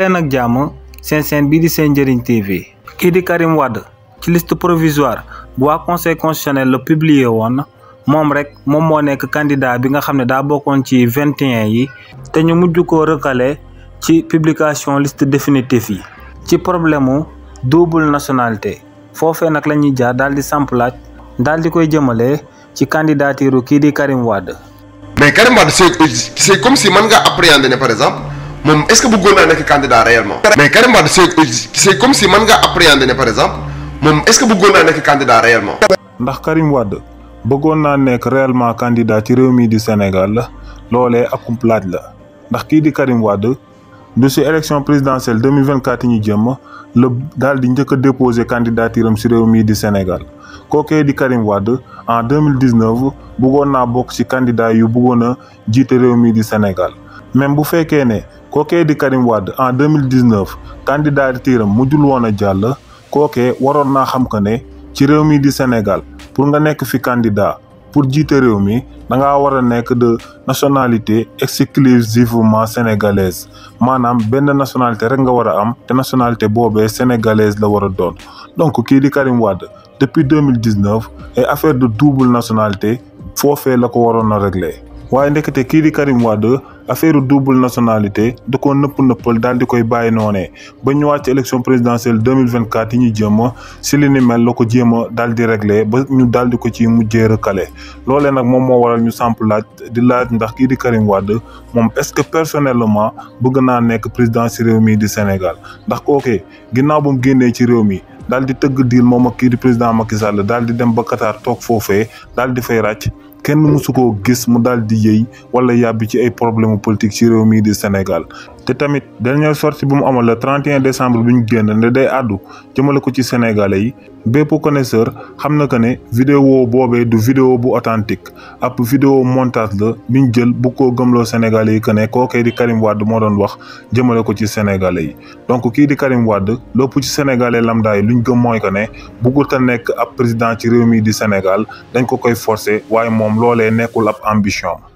lén ak jamm sen saint bi di TV ki di Karim Wade ci liste provisoire bu le conseil constitutionnel le publié won mom rek mom mo nek candidat bi nga xamné da daa ci vingt et yi té ñu mujj ko recalé ci publication liste définitive yi ci problème double nationalité fofé jaar di di koy Karim Wade. mais Karim Wade c'est comme si man nga appréhender par exemple est-ce que vous naa candidat réellement. mais Karim Wade c'est comme si mën nga par exemple est-ce que vous naa candidat réellement. ndax Karim Wade si vous réellement candidat ci réew du Sénégal L'olé un laaj la ndax di Karim Wade du l'élection élection présidentielle 2024 ñu jëm déposé candidature à si du Sénégal Sénégal kookee di Karim Wade en 2019 je naa bokk candidat yu bëggoon du Sénégal. même bu fekkee ne kookee di Karim Wade en 2019 candidature am mujjul woon a jàll kookee waroon naa xam que ne ci réew mii di Sénégal pour nga nekk fi candidat pour jiite réew mi danga ngaa war a nekk de nationalité exclusivement sénégalaise maanaam benn nationalité rek nga war a am te nationalité boobee sénégalaise la war a doon donc kii di Karim Wade depuis deux mille 2019 ay affaire de double nationalité foofee la ko waroon a réglé waaye ndekete kii di affaire double nationalité da koo nëpp nëppal daal di koy bàyyi noonee ba ñëwaat ci élection présidentielle 2024 yi ñu jéem a si li ni mel la ko jéem daal di réglé ba ñu daal di ko ci mu mujjee recalé loolee nag moom moo waral ñu samp laaj di laaj ndax kii di Karim Wade moom est-ce que personnellement bëgg naa nekk président si réew mi di Sénégal ndax kooke ginnaaw ba mu génnee ci réew mi daal di tëgg diil moom ak kii di président Macky Sall daal di dem ba Qatar toog foofee daal fay ràcc kenn mësu koo gis mu daal di yëy wala yàbbi ci ay problème politique ci réew mii di Sénégal te tamit dañoo sortie bu mu amal le 31 décembre bi ñu génn ne day àddu jëmale ko ci sénégalais yi bépp connaisseur xam na que ne vidéo boobee du vidéo bu authentique ab vidéo montage la bi ñu jël bu ko gëmloo sénégalais yi que ne kookee di Karim Wade moo doon wax jëmale ko ci sénégalais yi donc kii di Karim Wade lépp ci sénégalais lambda yi lu ñu gëm mooy que ne buggut a nekk ab président ci réew mii di Sénégal dañ ko koy forcer waaye moom loolee nekkul ab ambition